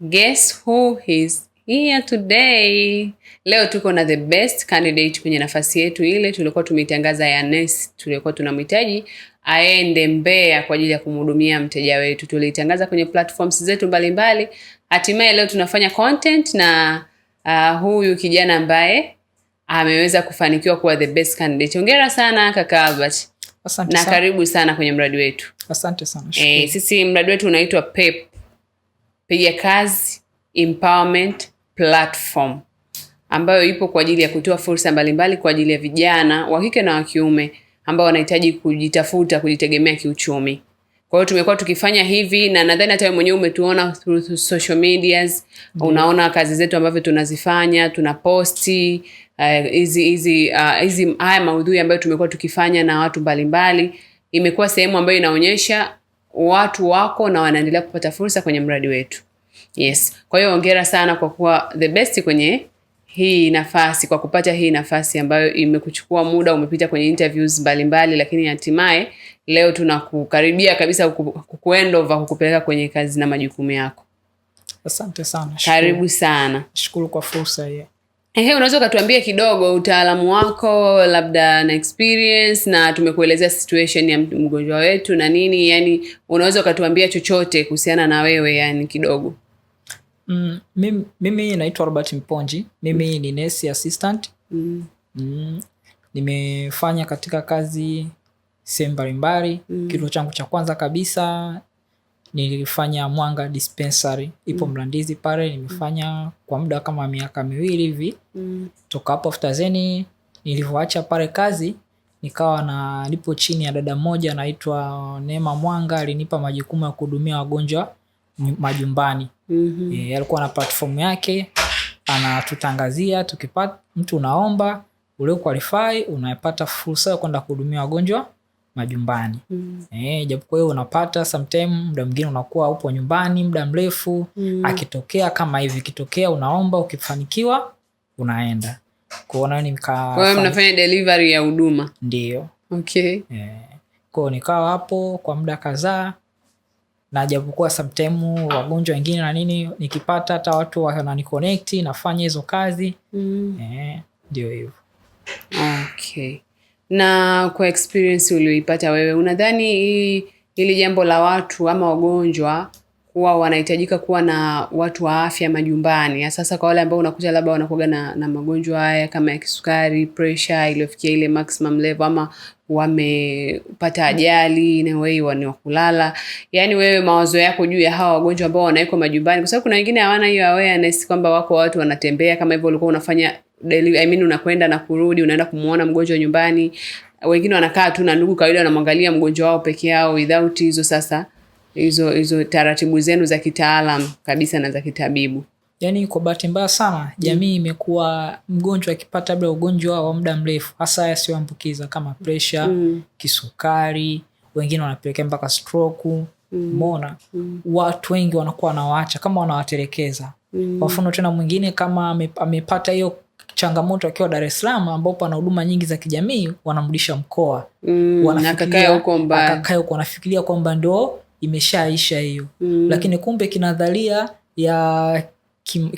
Guess who is here today. Leo tuko na the best candidate kwenye nafasi yetu ile tuliokuwa tumeitangaza ya nurse, tuliokuwa tunamhitaji aende Mbeya kwa ajili ya kumhudumia mteja wetu. Tuliitangaza kwenye platforms zetu mbalimbali, hatimaye leo tunafanya content na uh, huyu kijana ambaye ameweza kufanikiwa kuwa the best candidate. ongera sana kaka Albert. Asante na sana. Karibu sana kwenye mradi wetu. Asante sana. Eh, sisi mradi wetu unaitwa PEP piga Kazi Empowerment Platform ambayo ipo kwa ajili ya kutoa fursa mbalimbali kwa ajili ya vijana wa kike na wa kiume ambao wanahitaji kujitafuta, kujitegemea kiuchumi. Kwa hiyo tumekuwa tukifanya hivi na nadhani hata wewe mwenyewe umetuona through social medias mm -hmm. Unaona kazi zetu ambavyo tunazifanya, tunaposti hizi uh, eh, hizi hizi uh, haya maudhui ambayo tumekuwa tukifanya na watu mbalimbali. Imekuwa sehemu ambayo inaonyesha watu wako na wanaendelea kupata fursa kwenye mradi wetu. Yes. Kwa hiyo ongera sana kwa kuwa the best kwenye hii nafasi, kwa kupata hii nafasi ambayo imekuchukua muda, umepita kwenye interviews mbalimbali mbali, lakini hatimaye leo tunakukaribia kabisa kukuendova kukupeleka kwenye kazi na majukumu yako. Asante sana. Karibu sana. Shukuru kwa fursa hiyo. Ehe, unaweza ukatuambia kidogo utaalamu wako labda na experience na tumekuelezea situation ya mgonjwa wetu na nini, yani unaweza ukatuambia chochote kuhusiana na wewe yani kidogo? Mm, mimi, mimi naitwa Robert Mponji, mimi ni nurse assistant. Mm. Mm, nimefanya katika kazi sehemu mbalimbali. Mm. Kituo changu cha kwanza kabisa nilifanya Mwanga Dispensary ipo mm. Mlandizi pale nimefanya kwa muda kama miaka miwili hivi mm. toka hapo after zeni nilivyoacha pale kazi nikawa na nipo chini ya dada mmoja anaitwa Neema Mwanga, alinipa majukumu ya kuhudumia wagonjwa majumbani. mm -hmm. E, alikuwa na platform yake anatutangazia, tukipata mtu unaomba ulio qualify unapata fursa ya kwenda kuhudumia wagonjwa majumbani mm. Eh, japokuwa hiyo unapata sometime muda mwingine unakuwa upo nyumbani muda mrefu mm. Akitokea kama hivi, kitokea, unaomba, ukifanikiwa unaenda kuona ni mka... kwa hiyo mnafanya delivery ya huduma ndio. Okay. Eh, kwao nikawa hapo kwa muda kadhaa, na japokuwa sometime wagonjwa wengine na nini nikipata hata watu wananiconnect nafanya hizo kazi mm. Eh, ndio hivyo okay na kwa experience ulioipata wewe, unadhani hii hili jambo la watu ama wagonjwa kuwa wanahitajika kuwa na watu wa afya majumbani, sasa kwa wale ambao unakuta labda wanakuwa na, na magonjwa haya kama ya kisukari, pressure iliyofikia ile maximum level, ama wamepata ajali naweiwa ni yaani wewe mawazo yako juu ya hawa wagonjwa ambao wanawekwa majumbani, kwa sababu kuna wengine hawana hiyo awareness kwamba wako watu wanatembea kama hivyo, ulikuwa unafanya I mean unakwenda na kurudi, unaenda kumuona mgonjwa nyumbani. Wengine wanakaa tu na ndugu kawaida, wanamwangalia mgonjwa wao peke yao without hizo sasa hizo hizo taratibu zenu za kitaalam kabisa na za kitabibu. Yani kwa bahati mbaya sana mm. jamii imekuwa mgonjwa akipata labda ugonjwa wa muda mrefu, hasa yasiyoambukiza kama presha mm. kisukari, wengine wanapelekea mpaka stroke Mbona mm. mm. watu wengi wanakuwa wanawaacha kama wanawatelekeza. Mm. Kwa mfano mm. tena mwingine kama amepata hiyo changamoto akiwa Dar es Salaam ambapo ana huduma nyingi za kijamii, wanamrudisha mkoa mm, wanakakaa huko wanafikiria kwamba ndo imeshaisha hiyo mm. Lakini kumbe kinadharia ya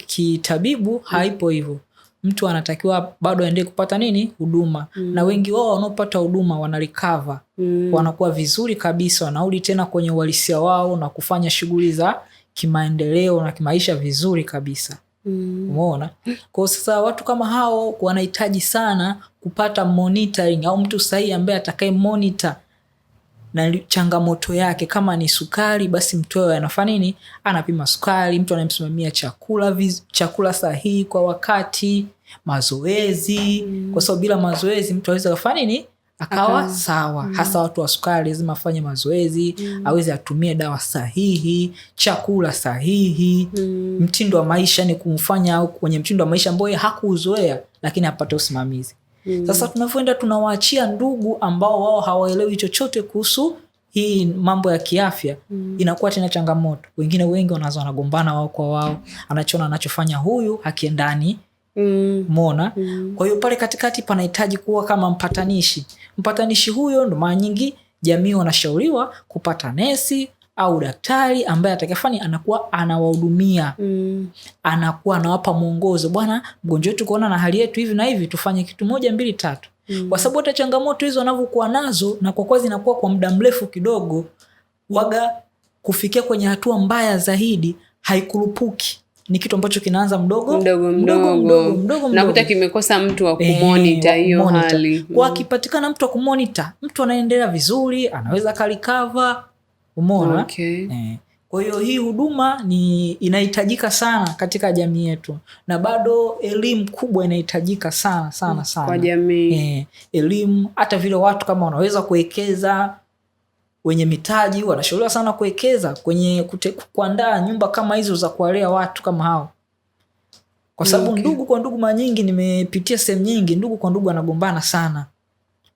kitabibu ki mm. haipo hivyo, mtu anatakiwa bado aendelee kupata nini huduma mm. Na wengi wao wanaopata huduma wanarikava mm. Wanakuwa vizuri kabisa, wanarudi tena kwenye uhalisia wao na kufanya shughuli za kimaendeleo na kimaisha vizuri kabisa. Mm. Umeona? Kwa sasa watu kama hao wanahitaji sana kupata monitoring au mtu sahihi ambaye atakaye monitor na changamoto yake. Kama ni sukari, basi mtu wao anafanya nini? Anapima sukari, mtu anayemsimamia chakula viz, chakula sahihi kwa wakati, mazoezi mm. Kwa sababu bila mazoezi mtu aweza kufanya nini? akawa Aka. sawa mm. Hasa watu wa sukari lazima afanye mazoezi mm. aweze atumie dawa sahihi, chakula sahihi mm. mtindo wa maisha ni kumfanya au kwenye mtindo wa maisha ambayo hakuuzoea, lakini apate usimamizi mm. Sasa tunavyoenda tunawaachia ndugu ambao wao hawaelewi chochote kuhusu hii mambo ya kiafya mm. Inakuwa tena changamoto. Wengine wengi wanaza wanagombana wao kwa wao, anachoona anachofanya huyu hakiendani mm. Umeona mm. Kwa hiyo pale katikati panahitaji kuwa kama mpatanishi. Mpatanishi huyo ndo mara nyingi jamii wanashauriwa kupata nesi au daktari ambaye atakafani anakuwa anawahudumia mm. anakuwa anawapa mwongozo, bwana, mgonjwa wetu kuona na hali yetu hivi na hivi, tufanye kitu moja mbili tatu mm. kwa sababu hata changamoto hizo wanavyokuwa nazo, na kwa kuwa zinakuwa kwa muda mrefu kidogo, waga kufikia kwenye hatua mbaya zaidi haikurupuki ni kitu ambacho kinaanza mdogo mdogo mdogo, mdogo, mdogo, nakuta kimekosa mtu wa kumonita eh, hiyo hali. Kwa kipatikana mtu wa kumonita, mtu anaendelea vizuri, anaweza kalikava, umeona okay. E. Kwa hiyo hii huduma ni inahitajika sana katika jamii yetu, na bado elimu kubwa inahitajika sana sana sana kwa jamii e, elimu hata vile watu kama wanaweza kuwekeza wenye mitaji wanashauriwa sana kuwekeza kwenye kuandaa nyumba kama hizo za kuwalea watu kama hao, kwa mm, sababu okay. Ndugu kwa ndugu, mara nyingi nimepitia sehemu nyingi, ndugu kwa ndugu wanagombana sana,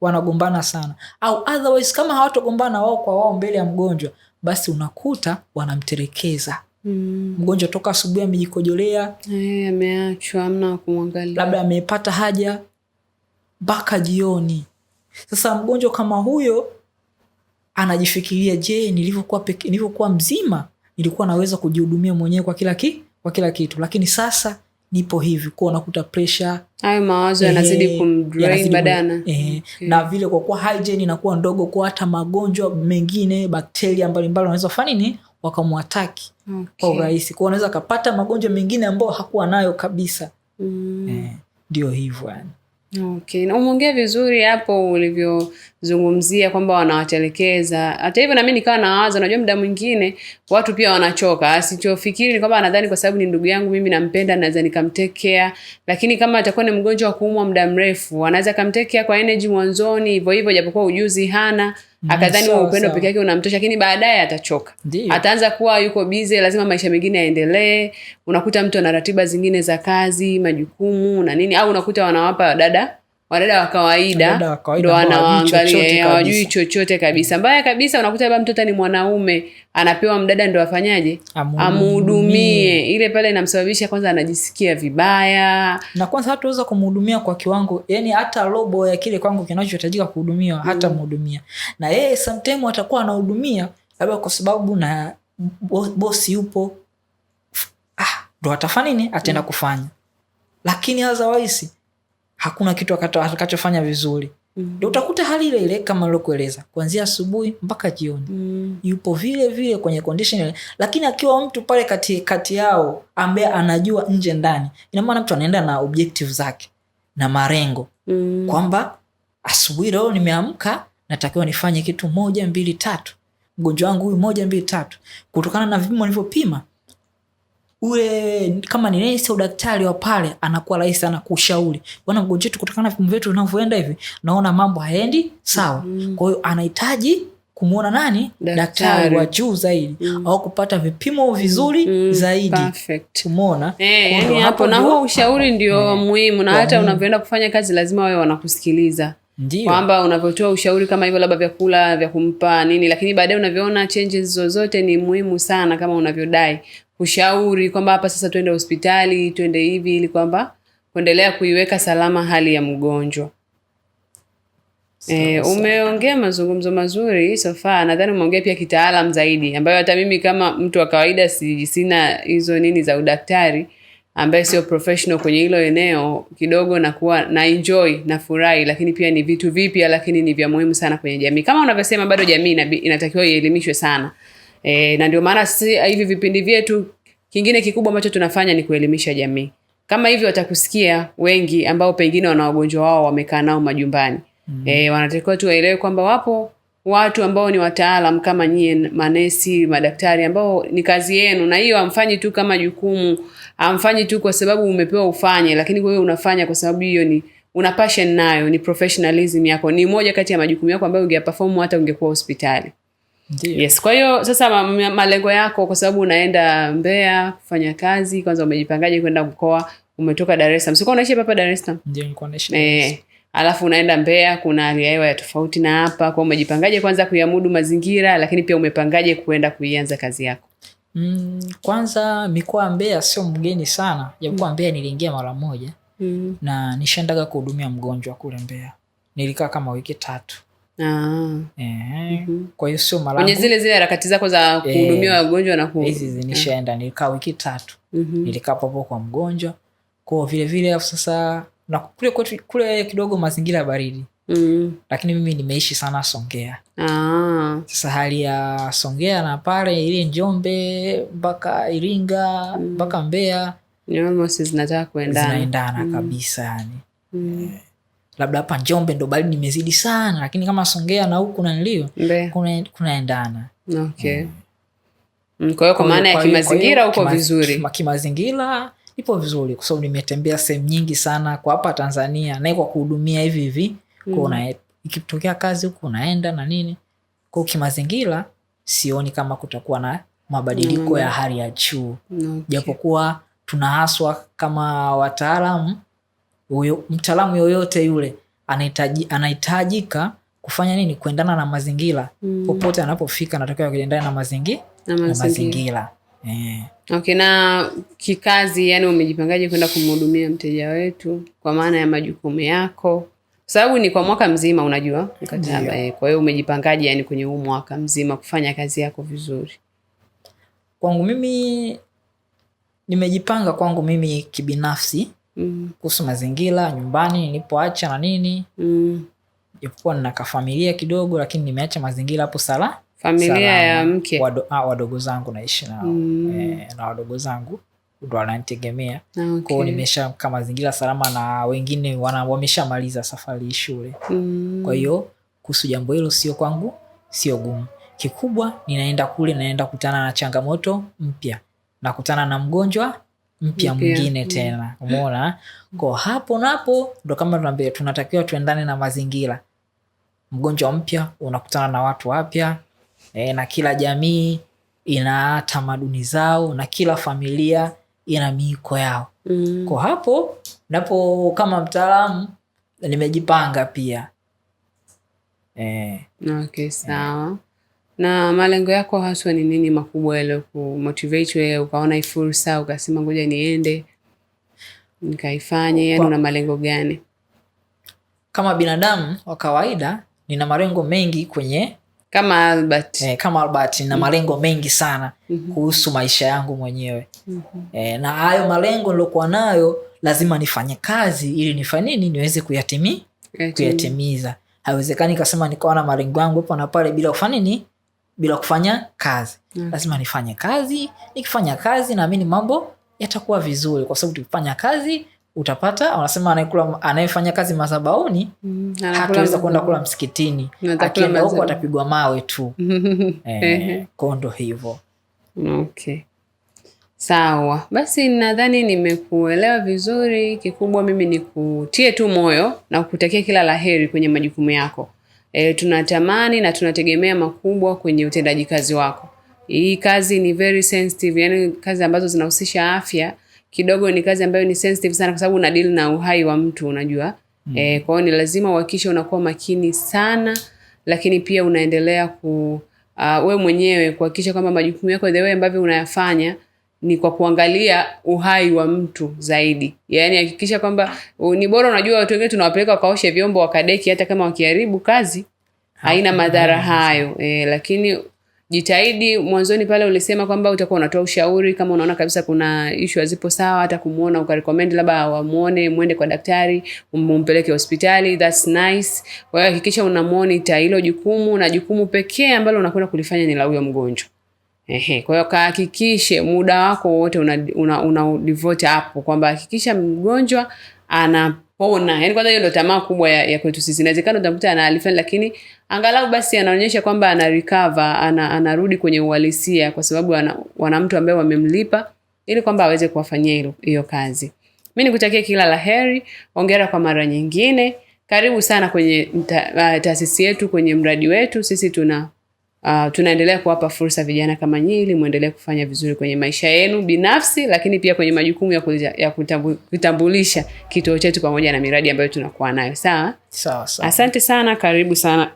wanagombana sana au otherwise, kama hawatogombana wao kwa wao mbele ya mgonjwa, basi unakuta wanamterekeza Mm. Mgonjwa toka asubuhi amejikojolea, eh, ameachwa, amna wa kumwangalia, labda amepata haja mpaka jioni. Sasa mgonjwa kama huyo anajifikiria, je, nilivyokuwa peke, nilivyokuwa mzima nilikuwa naweza kujihudumia mwenyewe kwa kila ki, kwa kila kitu, lakini sasa nipo hivi kwa unakuta presha hayo mawazo yanazidi eh, kumdrain badana eh, mm, okay. Na vile kwa kuwa hygiene inakuwa ndogo, kwa hata magonjwa mengine bakteria mbalimbali wanaweza kufanya nini wakamwataki okay. Kwa urahisi kwa unaweza kapata magonjwa mengine ambayo hakuwa nayo kabisa ndio mm. Eh, ndio hivyo yani okay. Na umeongea vizuri hapo ulivyo zungumzia kwamba wanawatelekeza. Hata hivyo na mimi nikawa nawaza, unajua muda mwingine watu pia wanachoka. Asichofikiri ni kwamba anadhani kwa sababu ni ndugu yangu mimi nampenda, naweza nikamtekea, lakini kama atakuwa ni mgonjwa wa kuumwa muda mrefu, anaweza kamtekea kwa energy mwanzoni hivyo hivyo, japokuwa ujuzi hana mm, akadhani huo upendo peke yake unamtosha, lakini baadaye atachoka, ataanza kuwa yuko bize, lazima maisha mengine yaendelee. Unakuta mtu ana ratiba zingine za kazi, majukumu na nini, au unakuta wanawapa dada wadada wa kawaida ndo wanawaangalia, hawajui chochote kabisa. Mbaya kabisa, unakuta labda mtoto ni mwanaume anapewa mdada ndo afanyaje, amhudumie. Ile pale inamsababisha kwanza anajisikia vibaya, na kwanza hataweza kumhudumia kwa kiwango, yani hata robo ya kile kwangu kinachohitajika kuhudumiwa, mm. hata mhudumia na yeye sometime atakuwa anahudumia labda kwa sababu na bosi yupo, ah, ndo atafanini, ataenda mm. kufanya, lakini hazawaisi hakuna kitu akachofanya vizuri mm. utakuta hali ile ile kama nilivyokueleza kuanzia asubuhi mpaka jioni mm. Yupo vile vile kwenye condition lakini akiwa mtu pale kati, kati yao ambaye anajua nje ndani, ina mtu anaenda na objective zake na marengo mm. kwamba asubuhi leo nimeamka, natakiwa nifanye kitu moja mbili tatu, mgonjwa wangu huyu moja mbili tatu, kutokana na vipimo alivyopima ule kama ni nesi au daktari wa pale anakuwa rahisi sana kushauri, bwana mgonjwa wetu, kutokana na vipimo vyetu vinavyoenda hivi, naona mambo haendi sawa. mm-hmm. Kwa hiyo anahitaji kumwona nani daktari wa juu zaidi mm. au kupata vipimo vizuri mm. Mm. zaidi umona hey, eh, yani hapo na huo ushauri ndio mm. muhimu, na hata unavyoenda kufanya kazi lazima wawe wanakusikiliza kwamba unavyotoa ushauri kama hivyo, labda vyakula vya kumpa nini, lakini baadaye unavyoona changes zozote, ni muhimu sana kama unavyodai ushauri kwamba hapa sasa twende hospitali, twende hivi, ili kwamba kuendelea kuiweka salama hali ya mgonjwa. so, E, eh, umeongea mazungumzo mazuri sofa, nadhani umeongea pia kitaalam zaidi, ambayo hata mimi kama mtu wa kawaida si, sina hizo nini za udaktari ambaye sio professional kwenye hilo eneo kidogo, nakuwa na enjoy na furahi, lakini pia ni vitu vipya, lakini ni vya muhimu sana kwenye jamii. Kama unavyosema, bado jamii inatakiwa ielimishwe sana. E, na ndio maana sisi hivi vipindi vyetu kingine kikubwa ambacho tunafanya ni kuelimisha jamii. Kama hivi watakusikia wengi ambao pengine wana wagonjwa wao wamekaa nao majumbani. Mm. E, wanatakiwa tu waelewe kwamba wapo watu ambao ni wataalam kama nyie manesi, madaktari ambao ni kazi yenu, na hiyo amfanyi tu kama jukumu, amfanyi tu kwa sababu umepewa ufanye, lakini wewe unafanya kwa sababu hiyo ni una passion nayo, ni professionalism yako, ni moja kati ya majukumu yako ambayo ungeyaperform hata ungekuwa hospitali. Yes, kwa hiyo sasa malengo yako, kwa sababu unaenda Mbeya kufanya kazi, kwanza umejipangaje kwenda mkoa? Umetoka Dar es Salaam, sikuwa unaishi hapa Dar es Salaam? Ndio, nilikuwa naishi eh, alafu unaenda Mbeya, kuna hali ya hewa ya tofauti na hapa. Kwa umejipangaje kwanza kuyamudu mazingira, lakini pia umepangaje kuenda kuianza kazi yako? Mm, kwanza mikoa Mbeya sio mgeni sana, japokuwa mm. Mbeya niliingia mara moja mm. na nishaendaga kuhudumia mgonjwa kule Mbeya, nilikaa kama wiki tatu Ah. Mhm. Kwa hiyo sio zile zile harakati zako za eh. kuhudumia wagonjwa na hizi nilikaa wiki tatu mm -hmm. nilikaa popo kwa mgonjwa kwao vilevile afu sasa na kule kwetu kule kidogo mazingira ya baridi mm -hmm. lakini mimi nimeishi sana Songea. Ah. Sasa hali ya Songea na pale ile Njombe mpaka Iringa mm. mpaka mm -hmm. Mbeya zinaendana mm -hmm. kabisa yani mm -hmm labda hapa Njombe ndo baridi imezidi sana, lakini kama Songea na huku nanilio kunaendana. Mm. Mm, kwa hiyo kwa maana ya kimazingira huko vizuri, kimazingira ipo vizuri, kwa sababu nimetembea sehemu nyingi sana kwa hapa Tanzania na kwa kuhudumia hivi hivi mm. Ikitokea kazi huku unaenda na nini, kwa kimazingira sioni kama kutakuwa na mabadiliko mm. ya hali ya juu okay. Japokuwa tunahaswa kama wataalamu mtaalamu yoyote yule anahitaji, anahitajika kufanya nini? Kuendana na mazingira mm. Popote anapofika anatakiwa kuendana na mazingira na mazingira Yeah. Okay, na kikazi, yani umejipangaje kwenda kumhudumia mteja wetu kwa maana ya majukumu yako? Sababu ni kwa mwaka mzima, unajua mkataba eh. Kwa hiyo umejipangaje yani kwenye huu mwaka mzima kufanya kazi yako vizuri? Kwangu mimi nimejipanga, kwangu mimi kibinafsi Mm. kuhusu mazingira nyumbani nilipoacha na nini mm. japokuwa nina kafamilia kidogo lakini nimeacha mazingira hapo sala familia ya mke Wado, ah, wadogo zangu naishi nao mm. eh, na wadogo zangu ndo wananitegemea ah, okay. kwao nimesha kama mazingira salama na wengine wameshamaliza safari shule mm. kwa hiyo kuhusu jambo hilo sio kwangu sio gumu kikubwa ninaenda kule naenda kutana na changamoto mpya nakutana na mgonjwa mpya mwingine mm. tena umona ko hapo napo ndo kama tunaambia tunatakiwa tuendane na mazingira mgonjwa mpya unakutana na watu wapya e, na kila jamii ina tamaduni zao na kila familia ina miiko yao mm. ko hapo napo kama mtaalamu nimejipanga pia e, okay, sawa e na malengo yako haswa ni nini makubwa yale kumotivate wewe ukaona hii fursa ukasema ngoja niende nikaifanye? Yani una malengo gani? Kama binadamu wa kawaida, nina malengo mengi kwenye kama Albert. Eh, kama Albert nina mm-hmm. malengo mengi sana mm-hmm. kuhusu maisha yangu mwenyewe mm -hmm. Eh, na hayo malengo nilokuwa nayo lazima nifanye kazi ili nifanye nini niweze kuyatimi, kuyatimiza. Haiwezekani kasema nikawa na malengo yangu hapo na pale bila kufanya nini bila kufanya kazi mm. lazima nifanye kazi nikifanya kazi naamini mambo yatakuwa vizuri kwa sababu tukifanya kazi utapata wanasema anayefanya kazi masabauni mm, hataweza kwenda kula msikitini akienda huko atapigwa mawe tu e, kondo hivo okay sawa basi nadhani nimekuelewa vizuri kikubwa mimi nikutie tu moyo na kutekia kila laheri kwenye majukumu yako e, tunatamani na tunategemea makubwa kwenye utendaji kazi wako. Hii kazi ni very sensitive, yani kazi ambazo zinahusisha afya kidogo ni kazi ambayo ni sensitive sana, kwa sababu una deal na uhai wa mtu unajua. Mm. E, kwa hiyo ni lazima uhakikishe unakuwa makini sana, lakini pia unaendelea ku uh, we mwenyewe kuhakikisha kwamba majukumu yako the way ambavyo unayafanya ni kwa kuangalia uhai wa mtu zaidi. Yaani hakikisha kwamba ni bora, unajua watu wengine tunawapeleka wakaoshe vyombo wakadeki, hata kama wakiharibu kazi haina madhara hayo e, lakini jitahidi mwanzoni pale ulisema kwamba utakuwa unatoa ushauri kama unaona kabisa kuna ishu hazipo sawa, hata kumuona ukarecommend labda wamuone, mwende kwa daktari, umpeleke hospitali, that's nice. Kwa hiyo hakikisha unamonitor hilo jukumu, na jukumu pekee ambalo unakwenda kulifanya ni la huyo mgonjwa. Ehe, kwa hiyo kahakikishe muda wako wote una, una, una devote hapo kwamba hakikisha mgonjwa anapona. Yaani kwanza hiyo ndio tamaa kubwa ya, ya kwetu sisi. Inawezekana utamkuta ana hali fulani lakini angalau basi anaonyesha kwamba ana recover, ana, anarudi kwenye uhalisia kwa sababu ana, wana mtu ambaye wamemlipa ili kwamba aweze kuwafanyia hiyo kazi. Mimi nikutakia kila la heri, ongera kwa mara nyingine. Karibu sana kwenye uh, taasisi yetu, kwenye mradi wetu. Sisi tuna Uh, tunaendelea kuwapa fursa vijana kama nyinyi ili muendelee kufanya vizuri kwenye maisha yenu binafsi, lakini pia kwenye majukumu ya, kuja, ya kutambu, kutambulisha kituo chetu pamoja na miradi ambayo tunakuwa nayo. Sawa sawa, asante sana, karibu sana